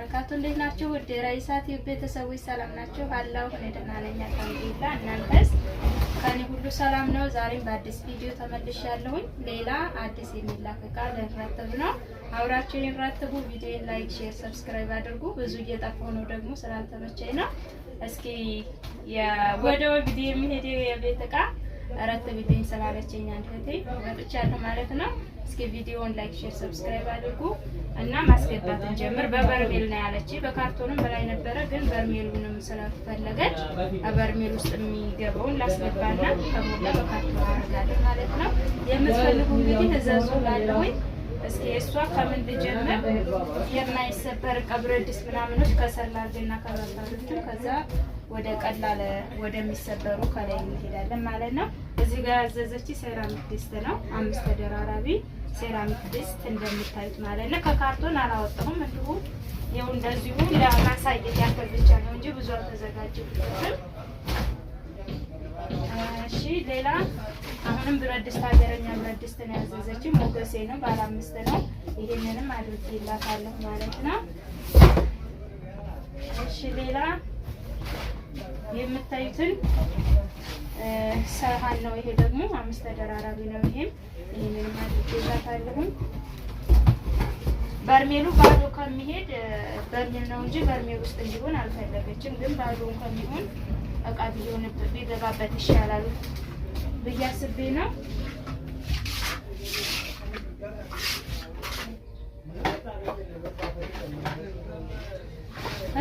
ወበረካቱ። እንዴት ናችሁ? ውድ ራይሳት ቤተሰቦች ሰላም ናችሁ? አላሁ እኔ ደህና ነኝ አልሐምዱሊላህ። እናንተስ? ከኔ ሁሉ ሰላም ነው። ዛሬም በአዲስ ቪዲዮ ተመልሻለሁኝ። ሌላ አዲስ የሚላክ እቃ ልንረትብ ነው። አብራችሁ ይንረትቡ። ቪዲዮን ላይክ፣ ሼር፣ ሰብስክራይብ አድርጉ። ብዙ እየጠፋሁ ነው ደግሞ ስላልተመቸኝ ነው። እስኪ ወደ ቪዲዮ የሚሄድ የቤት እቃ ረትብልኝ ስላለችኝ አንድ እህቴ መጥቻለሁ ማለት ነው እስኪ ቪዲዮውን ላይክ፣ ሼር፣ ሰብስክራይብ አድርጉ እና ማስገባት እንጀምር። በበርሜል ነው ያለች፣ በካርቶንም በላይ ነበረ፣ ግን በርሜሉንም ስለፈለገች በርሜል ውስጥ የሚገባውን ላስገባና ከሞላ በካርቶን አደርጋለሁ ማለት ነው። የምትፈልጉ እንግዲህ እዘዙ ላለሁኝ እስኪ እሷ ከምን ልጀምር? የማይሰበር ቀብረድስ ድስት ምናምኖች ከሰላጅና ከበሳሎቹ ከዛ ወደ ቀላል ወደሚሰበሩ ከላይ እንሄዳለን ማለት ነው። እዚህ ጋር ያዘዘች ሴራሚክ ድስት ነው። አምስት ተደራራቢ ሴራሚክ ድስት እንደምታዩት ማለት ነው። ከካርቶን አላወጣሁም። እንዲሁ ይኸው እንደዚሁ ለማሳየት ያክል ብቻ ነው እንጂ ብዙ አልተዘጋጀሁበትም። እሺ፣ ሌላ አሁንም ብረት ድስት፣ ሀገረኛ ብረት ድስት ነው ያዘዘች። ሞገሴ ነው፣ ባለ አምስት ነው። ይህንንም አድርጌላታለሁ ማለት ነው። እሺ፣ ሌላ የምታዩትን ሰሃን ነው። ይሄ ደግሞ አምስት ተደራራቢ ነው። ይሄም ይሄንን አድርጌላታለሁኝ። በርሜሉ ባዶ ከሚሄድ በርሜል ነው እንጂ በርሜል ውስጥ እንዲሆን አልፈለገችም። ግን ባዶን ከሚሆን እቃ ቢሆን ቢገባበት ይሻላል ብዬ አስቤ ነው።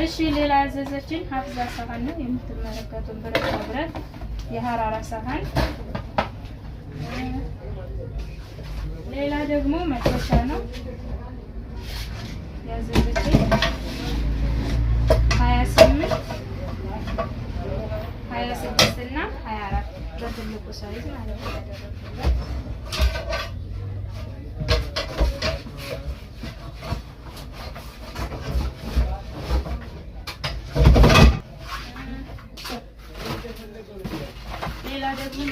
እሺ ሌላ ያዘዘችን ሀፍዛ ሰሃን ነው የምትመለከቱን ብረት ብረት የሀራራ ሳህን፣ ሌላ ደግሞ መጥበሻ ነው ያዘዘች ሀያ ስምንት ሀያ ስድስት እና ሀያ አራት በትልቁ ሳይዝ ማለት ነው። ሌላ ደግሞ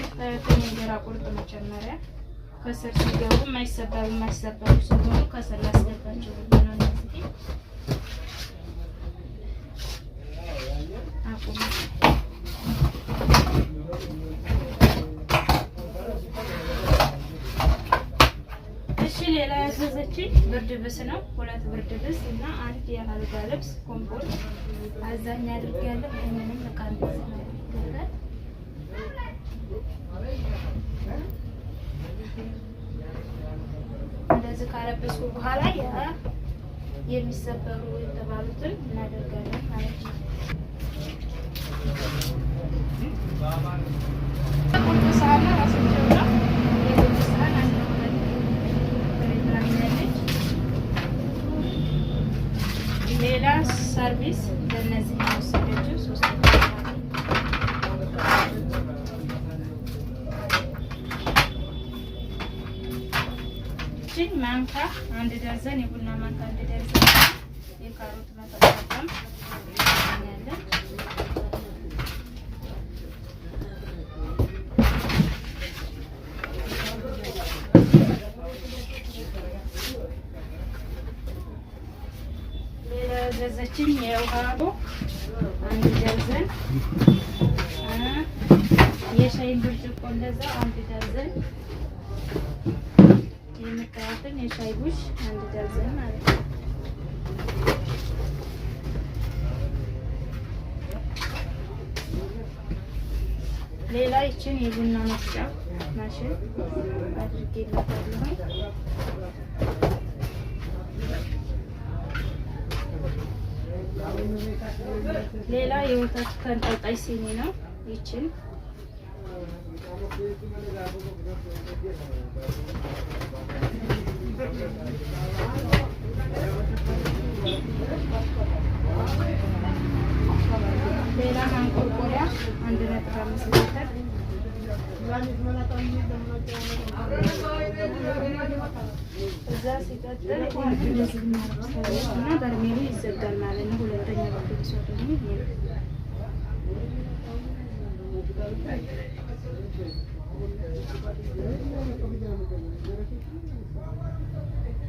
እንጀራ ቁርጥ መጀመሪያ ከስር ሲገቡ የማይሰበሩ የማይሰበሩ ስለሆኑ ከስር ላስገባቸው ነው። እነዚህ ሌላ ያዘዘችኝ ብርድ ልብስ ነው። ሁለት ብርድ ልብስ እና አንድ የአልጋ ልብስ ኮምፖርት አዛኝ አድርጌያለሁ። ይህንንም እቃ ነው እንደዚህ ካለበስኩ በኋላ የሚሰበሩ የተባሉትን እናደርጋለን ማለት ነው። ሌላ ሰርቪስ ለነዚህ ነው ሰደችው ሶስት ማንካ አንድ ደርዘን የቡና ማንካ አንድ ደርዘን የካሮት መጠቀም ያለን ያዘዘችኝ የውሃ አንድ ደርዘን የሻይን ብርጭቆ እንደዛ አንድ ደርዘን የሚያቀራጥን የሻይ ቡሽ አንድ ደርዘን ማለት ነው። ሌላ ይችን የቡና መፍጫ ማሽን አድርጌላታለሁ። ሌላ የወተት ተንጠልጣይ ሲኒ ነው ይችን मेरा नाम कुरकुरा अंजना राम सिस्टर ಧರ್ಮೀರಿ ಇಜ್ಜತ್ ಧರ್ಮಾಲಯನ್ನು ಹುಳದ ಬಗ್ಗೆ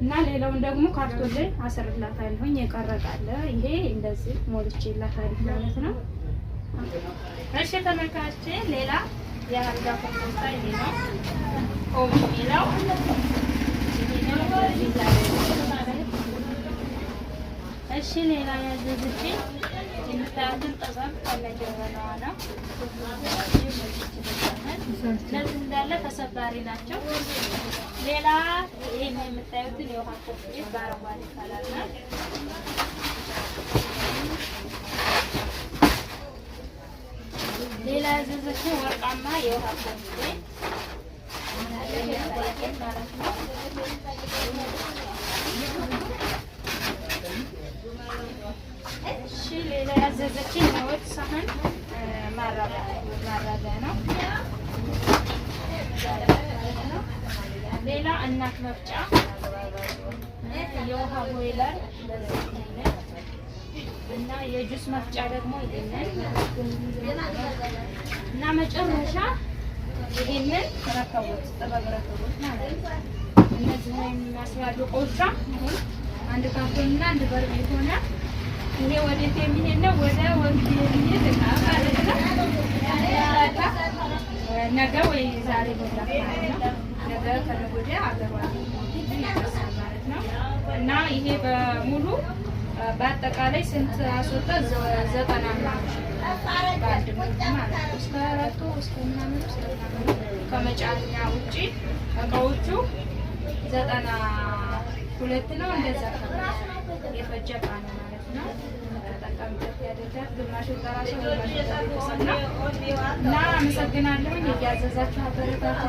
እና ሌላውን ደግሞ ካርቶን ላይ አሰርላታለሁኝ የቀረቃለ ይሄ እንደዚህ ሞልቼ ሞልቼላታለሁ ማለት ነው። እሺ ተመልካች፣ ሌላ የአልጋ ኮምፖስታ ይሄ ነው። ኦሚ ሌላው ይሄ ነው። እሺ ሌላ ያዘዝች የምታያትን ጠዛም ባለጀበናዋ ነው። እነዚህ እንዳለ ተሰባሪ ናቸው። ሌላ ይህ የምታዩትን የውሃ ኮፍቄት በአረንጓዴ ይባላል። ሌላ ያዘዘችን ወርቃማ የውሃ ኮፍቄት ማለት ነው። ያዘዘችኝ የወጥ ሳህን ማራቢያ ነው። ሌላ እናት መፍጫ፣ የውሃ ቦይለር እና የጁስ መፍጫ ደግሞ ይሄንን እና መጨረሻ ይሄንን ረከቡት ጥበብ ረከቡት ማለት እነዚህ የሚመስላሉ ቆጫ አንድ ካርቶንና አንድ በርሜል ሆነ ይሄ ወዴት የሚሄድ ነው? ወደ ወንዝ የሚሄድ እቃ ማለት ነው። ነገ ወይ ዛሬ ነገ ከነገ ወዲያ ማለት ነው። እና ይሄ በሙሉ በአጠቃላይ ስንት አስወጣ? ዘጠና በአንድ ከመጫኛ ውጪ እቃዎቹ ዘጠና ሁለት ነው እንደዛ የፈጀ ማለት ነው። ተጠቀምበት ያደርጋል። ግማሽ ጠራሽ እና አመሰግናለሁኝ። እያዘዛችሁ አበረታቱ